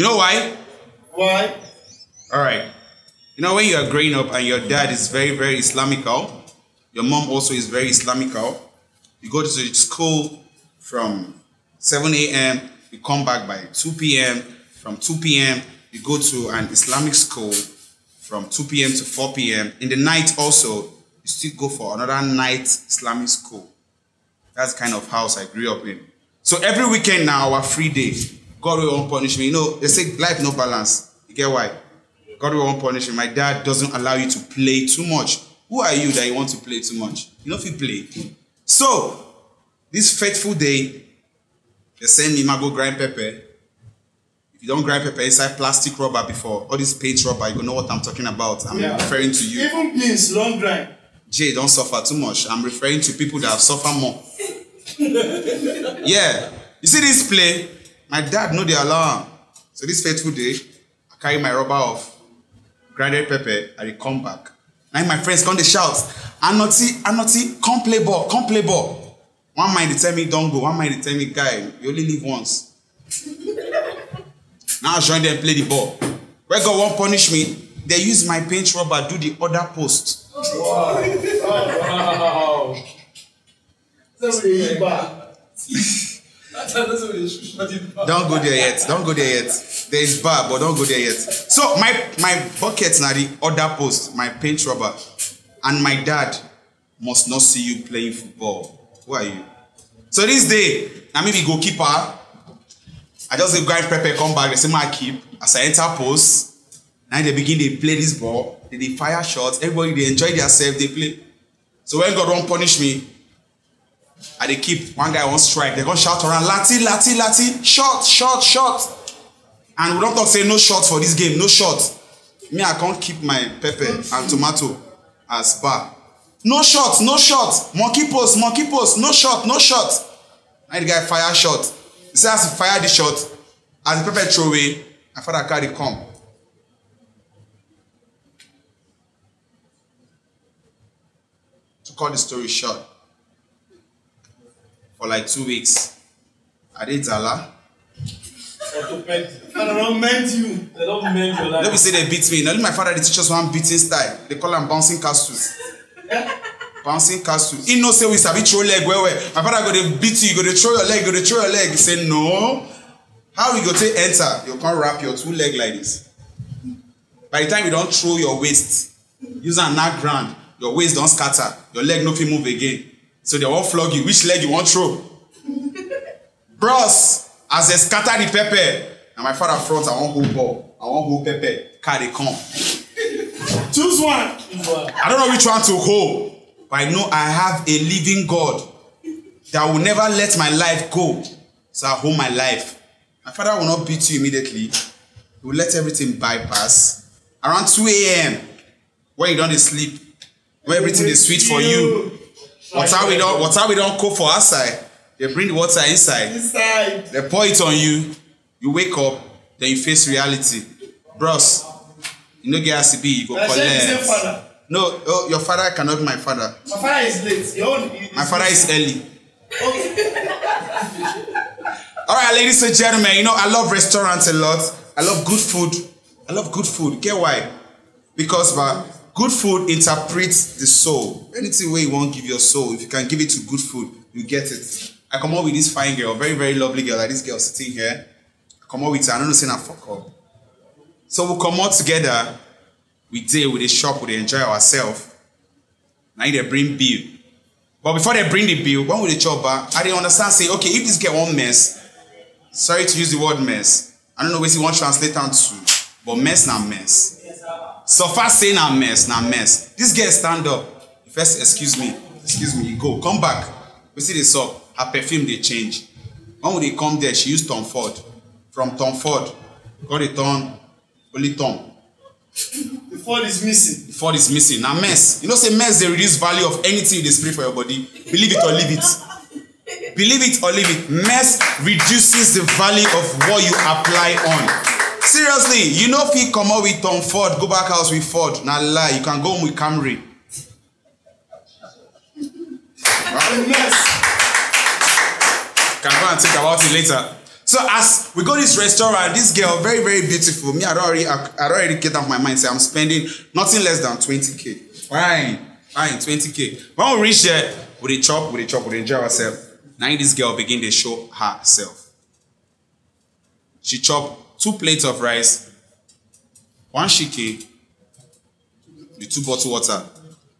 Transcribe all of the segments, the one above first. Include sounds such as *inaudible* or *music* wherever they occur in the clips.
You know why? Why? All right. You know, when you are growing up and your dad is very, very Islamical, your mom also is very Islamical, you go to school from 7 a.m., you come back by 2 p.m., from 2 p.m., you go to an Islamic school from 2 p.m. to 4 p.m. In the night also, you still go for another night Islamic school. That's kind of house I grew up in. So every weekend now, our free day, God will won't punish me. You know, they say life no balance. You get why? God will won't punish me. My dad doesn't allow you to play too much. Who are you that you want to play too much? You know if you play. So, this fateful day, they send me go grind pepper. If you don't grind pepper inside plastic rubber before, all this paint rubber, you know what I'm talking about. I'm yeah. referring to you. Even beans, long grind. Jay, don't suffer too much. I'm referring to people that have suffered more. *laughs* yeah. You see this play? My dad know the allow So this fateful day, I carry my rubber of grinded pepper, I come back. Na my friends come to shout, Anoti, Anoti, come play ball, come play ball. One mind tell me "Don't go, one mind tell me guy, you only live once. *laughs* now I join them play the ball. Where God won't punish me, they use my paint rubber do the other post. Wow. *laughs* wow. *laughs* don't go there yet. Don't go there yet. There is bar, but don't go there yet. So my my bucket na the other post, my paint rubber, and my dad must not see you playing football. Who are you? So this day, na me be goalkeeper. I just dey grind prepare, come back, They say my keep. As I enter post, Now they begin They play this ball, They dey fire shots, everybody they enjoy themselves. They play. So when God wan punish me, i dey keep one guy wan strike dem come shout around lati lati lati shot shot shot and we don talk say no shot for this game no shot me i come keep my pepper and tomato as bar no shot no shot monkey post monkey post no shot no shot na the guy fire shot he say as he fire the shot as the pepper throw away my father carry come to call the story short for like two weeks. I did Tala. They don't mend you. They don't mend your life. Let me say they beat me. Now my father the teachers want beating style. They call them bouncing castles. *laughs* bouncing castles. He no say we sabi throw leg well well. My father go to beat you, you go to throw your leg, you go to throw your leg. He say no. How you go to enter? You can't wrap your two leg like this. By the time you don't throw your waist, use am ground, your waist don't scatter, your leg no fit move again. So they won't flog you. Which leg you want throw? Bros, as they scatter the pepper, and my father front, I won't hold ball. I won't hold pepper. Carry they come. Choose one. I don't know which one to hold, but I know I have a living God that will never let my life go. So I hold my life. My father will not beat you immediately. He will let everything bypass. Around 2 a.m., when you don't sleep, when everything is sweet for you, Water we don't water we don't cook for outside. They bring the water inside. Inside. They pour it on you. You wake up, then you face reality. Bros, you know get as e be, you go collect. No, oh, your father cannot be my father. My father is late. Your own is My father is early. All right, ladies and gentlemen, you know I love restaurants a lot. I love good food. I love good food. Get why? Because but good food interprets the soul anything where you won't give your soul if you can give it to good food you get it i come up with this fine girl very very lovely girl like this girl sitting here i come up with her i don't know say na fok up so we come out together we deal with dey shop we enjoy ourselves Now they bring bill but before they bring the bill when we the chop ba i dey understand say okay if this girl one mess sorry to use the word mess i don't know wetin you wan translate am to but mess na mess so far say na mess na mess this girl stand up first excuse me excuse me you go come back we see the sup her perfume dey change when we dey come there she use tom ford from tom ford call dey turn only tom. the ford is missing. the ford is missing na mess you know say mess dey reduce value of anything you dey spray for your body believe it or leave it believe it or leave it mess reduces the value of what you apply on seriously you no fit comot with tom ford go back house with ford na lie you can go home with camry. yes. can go and think about it later. So as we go this restaurant, this girl very very beautiful. Me, I don't already I, I don't already get out of my mind. Say I'm spending nothing less than 20k. Fine, fine, 20k. When we reach there, we dey chop, we dey chop, we dey enjoy ourselves. Now this girl begin to show herself. She chop two plates of rice, one shiki, the two bottle water.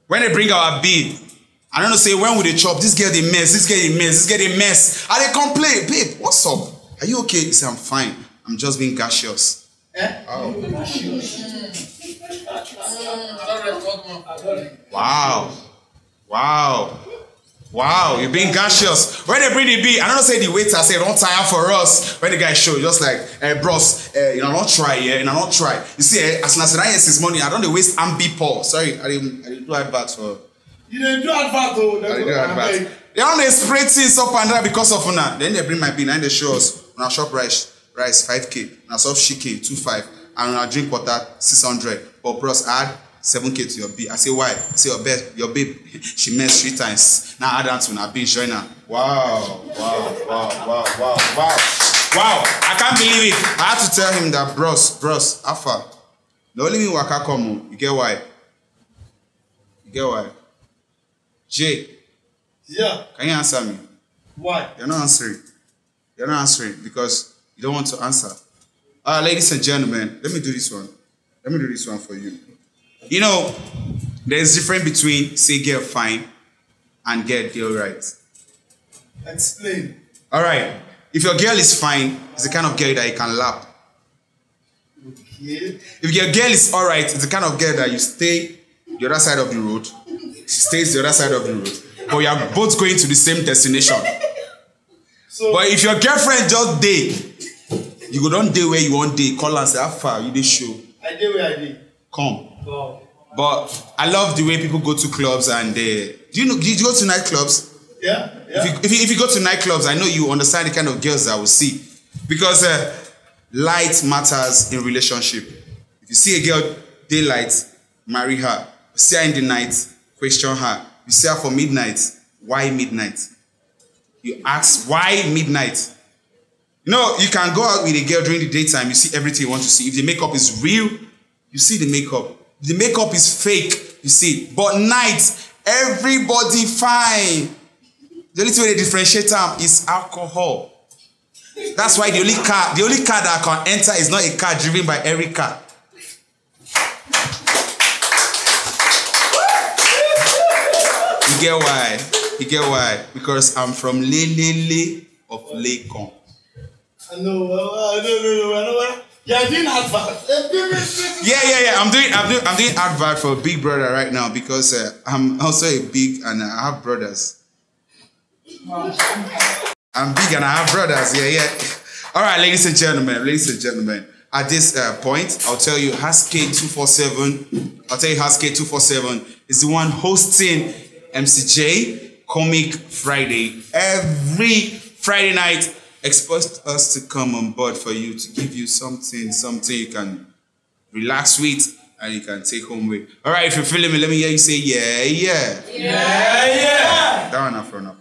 When they bring our babe, I don't know say when will they chop? This girl they mess, this girl they mess, this girl they mess. And they complain, babe, what's up? Are you okay? He say, I'm fine. I'm just being gaseous. Eh? Oh. *laughs* Wow. Wow. Wow, you being gaseous. When they bring the bill, I don't say the waiter say don't tire for us. When the guy show, just like, eh, bros, eh, you know, not try, yeah, you know, not try. You see, eh, as Nasir yes is money, I don't waste and be poor. Sorry, I didn't, I didn't do advert for. You didn't do advert oh, though. I didn't do advert. They only spread things up and down because of una. Then they bring my bill and they show us. When I shop rice, rice 5k, when I shop shiki 2.5, and when I drink water 600. But bros, add Seven k to your babe. i say why i say your babe your babe she mess three times now add am to una bin join am wow wow wow wow wow wow wow i can't believe it i had to tell him that bros bros afa na only me waka come o oh, you get why you get why jay yeah can you answer me why you're not answering you're not answering because you don't want to answer ah uh, ladies and gentlemen let me do this one let me do this one for you. You know, there's difference between say girl fine and girl deal right. Explain. All right. If your girl is fine, it's the kind of girl that you can lap. Okay. If your girl is all right, it's the kind of girl that you stay the other side of the road. She stays the other side of the road. But you are both going to the same destination. So, but if your girlfriend just dey, you go don dey where you want dey, call and say how far you dey show. I dey where I dey. Come. But I love the way people go to clubs and they. Uh, do you know? Did you go to nightclubs? Yeah. yeah. If, you, if, you, if you go to nightclubs, I know you understand the kind of girls that I will see, because uh, light matters in relationship. If you see a girl daylight, marry her. You see her in the night, question her. You see her for midnight, why midnight? You ask why midnight. You know, you can go out with a girl during the daytime, you see everything you want to see. If the makeup is real, you see the makeup. the makeup is fake you see but night everybody fine the only thing wey dey differentiate am is alcohol that's why the only car the only car that I can enter is not a car driven by Erica. you get why you get why because i'm from lelele of lekan. i know i know i know i know. I know yeah, yeah, yeah. I'm doing, I'm doing, I'm doing advert for Big Brother right now because uh, I'm also a big and I have brothers. I'm big and I have brothers. Yeah, yeah. All right, ladies and gentlemen, ladies and gentlemen. At this uh, point, I'll tell you, Hask 247. I'll tell you, Hask 247 is the one hosting MCJ Comic Friday every Friday night exposed us to come on board for you to give you something, something you can relax with and you can take home with. All right, if you're feeling me, let me hear you say, yeah, yeah. Yeah, yeah. That one up, front up.